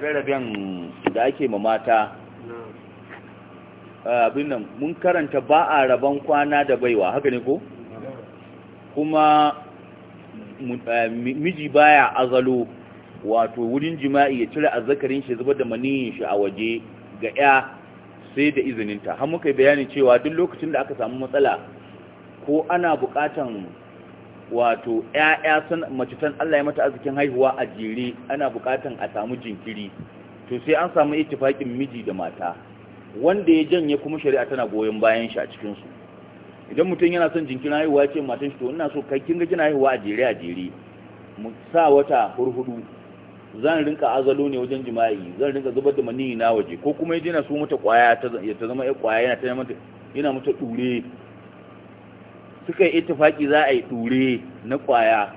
rabe-raben da ake ma mata ah, abin nan mun karanta ba a raban kwana da baiwa haka ne ko kuma eh, miji baya azalo wato wurin jima'i ya cire azzakarin shi zubar da maniyin shi a waje ga ya sai da izininta har muka bayani cewa duk lokacin da aka samu matsala ko ana bukatan wato 'ya'ya, sun mace tan Allah ya mata arzikin haihuwa a jere ana bukatan a samu jinkiri to sai an samu ittifaqin miji da mata wanda ya janye kuma shari'a tana goyon bayan shi a cikin su idan mutum yana son jinkirin haihuwa ce matan shi to ina so kai kin ga kina haihuwa a jere a jere mu sa wata hurhudu zan rinka azalo ne wajen jima'i zan rinka zubar da maniyi na waje ko kuma yaje na so mata kwaya ta zama ya kwaya yana ta mata yana mata dure suka yi itifaki za a yi ɗure na ƙwaya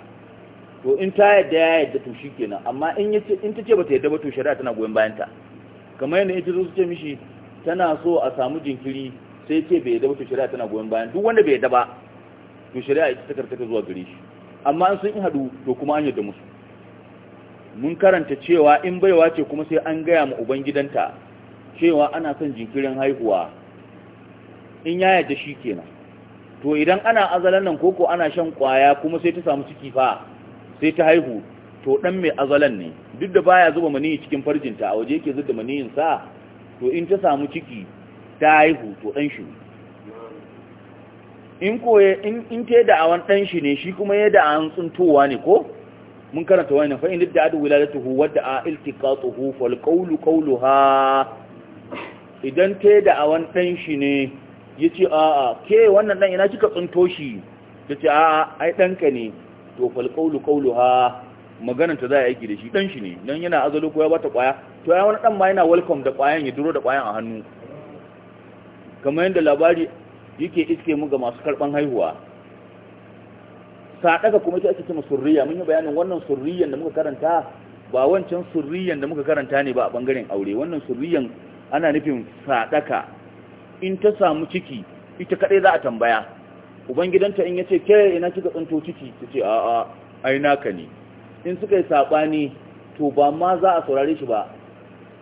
to in ta yadda ya yadda to shi kenan amma in ta ce ba ta yadda ba to shari'a tana goyon bayanta kamar yadda ita zo su ce mishi tana so a samu jinkiri sai ce bai yadda ba to shari'a tana goyon bayan duk wanda bai yadda ba to shari'a ita ta karkata zuwa gare shi amma an sun haɗu to kuma an yadda musu mun karanta cewa in baiwa ce kuma sai an gaya ma ubangidanta cewa ana son jinkirin haihuwa in ya yadda shi kenan to idan ana azalan nan koko ana shan kwaya kuma sai ta samu ciki fa sai ta haihu to dan mai azalan ne duk da baya zuba maniyi cikin farjinta a waje yake zuba maniyin sa to in ta samu ciki ta haihu to dan shi in koye in in ta da awan dan shi ne shi kuma ya da an tsuntowa ne ko mun karanta wannan fa in lidda adu wiladatuhu wadda a iltiqatuhu fal qawlu qawluha idan ta da awan dan shi ne ya ce a'a ke wannan dan yana cika tsuntoshi shi ta ce a'a ai ɗanka ne to falƙaulu ƙaulu ha maganan za a yake da shi ɗan shi ne don yana azalo ko ya bata ƙwaya to ya wani ɗan ma yana welcome da ƙwayan ya duro da ƙwayan a hannu kamar yadda labari yake iske mu ga masu karɓan haihuwa saɗaka kuma ce ake cima surriya mun yi bayanin wannan surriyan da muka karanta ba wancan surriyan da muka karanta ne ba a ɓangaren aure wannan surriyan ana nufin saɗaka in ta samu ciki ita kadai za a tambaya ubangidanta in ya ce, ke ina kika tsinto ciki ce a a ai naka ne in suka yi sabani to ba ma za a saurare shi ba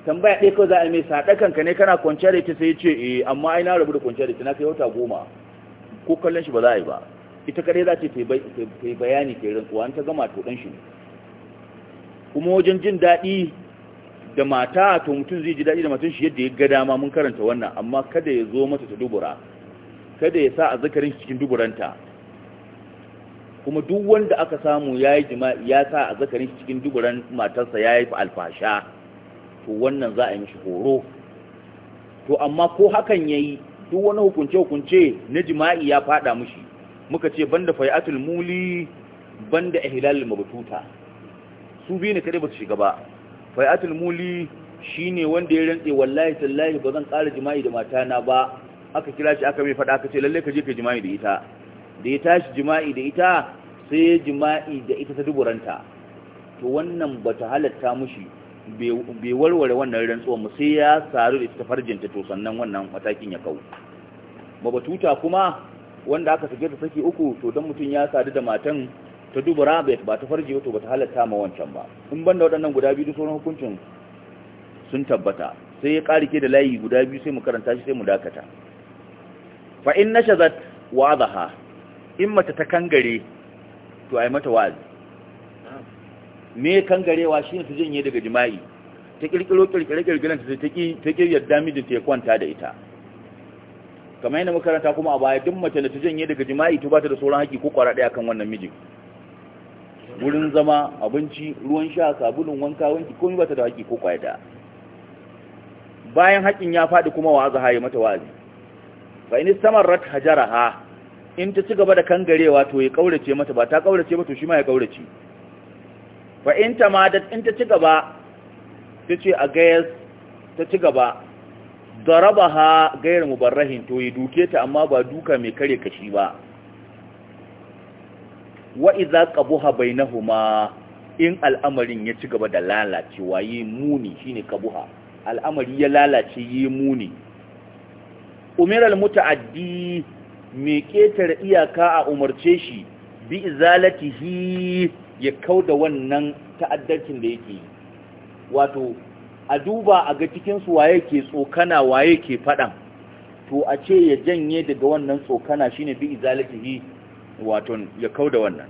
tambaya ɗaya kawai za a yi mai sadakan ka ne kana kwanciyar da ita sai ce eh amma ai rabu da kwanciyar da ita na kai wata goma ko kallon shi ba za a yi ba ita kadai za ce ta bayani ta rantsuwa an ta gama to ɗan shi ne kuma wajen jin daɗi da mata to mutum zai ji daɗi da matan shi yadda ya ga dama mun karanta wannan amma kada ya zo mata ta dubura kada ya sa a zakarin cikin duburanta kuma duk wanda aka samu ya yi jima'i ya sa a zakarin cikin duburan matarsa ya yi alfasha to wannan za a yi mishi horo to amma ko hakan ya yi duk wani hukunce-hukunce na jima'i ya fada mushi muka ce banda fayatul muli banda ihlalul mabtuta su biyu ne kare ba su shiga ba bai'atul muli shine wanda ya rantse wallahi tallahi bazan zan ƙara jima'i da matana ba aka kira shi aka mai faɗa aka ce lalle ka je ka jima'i da ita da ya tashi jima'i da ita sai ya jima'i da ita ta duburanta to wannan bata halatta mushi bai warware wannan rantsuwar mu sai ya saru da ita farjinta to sannan wannan matakin ya kawo mabatuta kuma wanda aka sake ta saki uku to dan mutum ya sadu da matan ta duba rabit ba ta farji wato ba ta halatta ma wancan ba in banda waɗannan guda biyu sauran hukuncin sun tabbata sai ya ƙarike da layi guda biyu sai mu karanta shi sai mu dakata fa in nashazat wa'azaha in mata ta kangare to ai mata wa'azi me kangarewa shine ta janye daga jima'i ta kirkiro kirkire kirkiren ta ta ki ta ki yadda miji ta kwanta da ita kamar yana makaranta kuma a baya duk mace da ta janye daga jima'i to ba ta da sauran haƙi ko kwara daya kan wannan mijin wurin zama abinci ruwan sha sabulun wanka wanki komai bata da haƙi ko kwaida bayan haƙin ya faɗi kuma wa'azi haye mata wazi fa in samarrat hajaraha in ta ci gaba da kangarewa to ya kaurace mata ba ta kaurace ba to shi ma ya kaurace fa in tamadat in ta ci gaba tace a gayas ta ci gaba darabaha gairu mubarrahin to ya duke ta amma ba duka mai kare kashi ba Wa'iza wa bai qabuha bainahuma in al'amarin ya ci gaba da lalacewa yi muni shine Kabuha. al'amari ya lalace yi muni umiral muta'addi me ƙetare iyaka a umarce shi bi izalatihi ya kauda wannan ta'addarkin da yake wato a duba a ga cikin waye ke tsokana waye ke faɗan?" to a ce ya janye daga wannan tsokana shine bi izalatihi Waton ya kauda wannan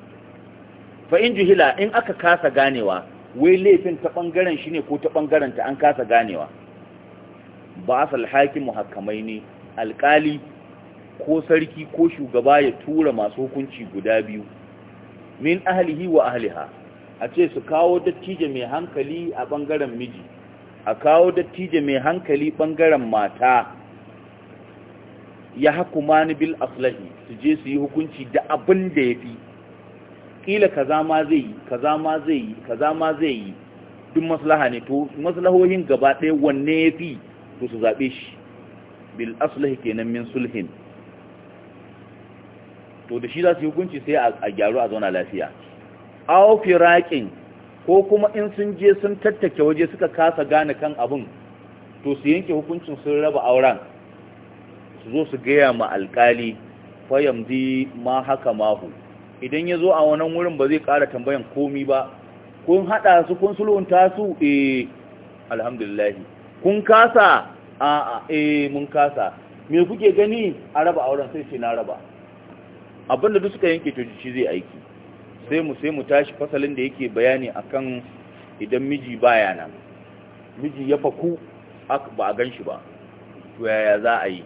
Fa'in in juhila in aka kasa ganewa wai laifin ta ɓangaren shi ne ko ta bangaren ta an kasa ganewa ba asal hakimu muhakamai ne alkali ko sarki ko shugaba ya tura masu hukunci guda biyu min ahlihi wa ahliha a ce su kawo dattijo mai hankali a bangaren miji a kawo dattijo mai hankali ɓangaren mata ya haku mani bil aslahi su je su yi hukunci da abin da ya fi ƙila ka zama zai yi ka zama zai yi ka zama zai yi duk maslaha ne to maslahohin gaba ɗaya wanne ya fi to su zaɓe shi bil aslahi kenan min sulhin to da shi za su yi hukunci sai a gyaru a zauna lafiya aw firaƙin ko kuma in sun je sun tattake waje suka kasa gane kan abin to su yanke hukuncin sun raba auren su zo su gaya ma alkali fayamdi ma haka mahu idan ya zo a wannan wurin ba zai ƙara tambayan komi ba kun haɗa su kun sulunta su eh alhamdulillahi kun kasa a eh mun kasa me kuke gani a raba auren sai na raba abinda duk suka yanke shi zai aiki sai mu sai mu tashi fasalin da yake bayani akan idan miji baya nan miji ya faku ba a gan shi ba to yaya za a yi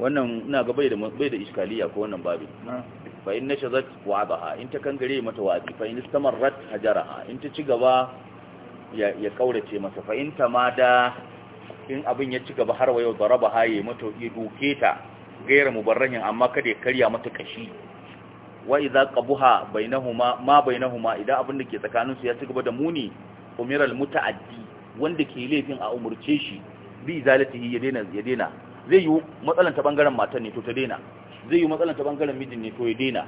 wannan ina ga bai da iskaliya ko wannan babu fa in nashazat wa'adaha in ta kangare mata wa'adi fa in istamarrat hajaraha in ta ci gaba ya ya kaurace masa fa in tamada in abin ya ci gaba har wayo daraba haye mata ya duke ta gairar mubarrahin amma kada ya karya mata kashi wa idza qabaha bainahuma ma bainahuma idan abin da ke tsakanin su ya ci gaba da muni umiral muta'addi wanda ke laifin a umurce shi bi zalatihi ya daina ya daina zai yi matsalan ta bangaren matan ne to ta daina zai yi matsalan ta bangaren mijin ne to ya daina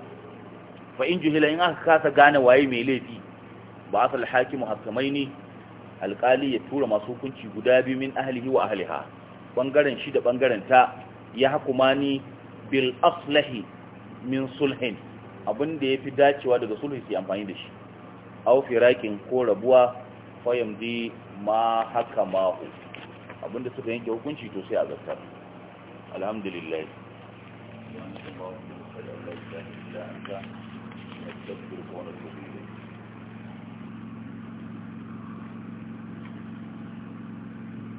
fa in juhila in aka kasa gane waye mai laifi ba asal hakimu ne. alƙali ya tura masu hukunci guda biyu min ahlihi wa ahliha bangaren shi da bangaren ta ya hakumani bil aslahi min sulhin ya yafi dacewa daga sulhi su amfani da shi aw firakin ko rabuwa yamdi ma hakamahu abinda suka yanke hukunci to sai a zartar الحمد لله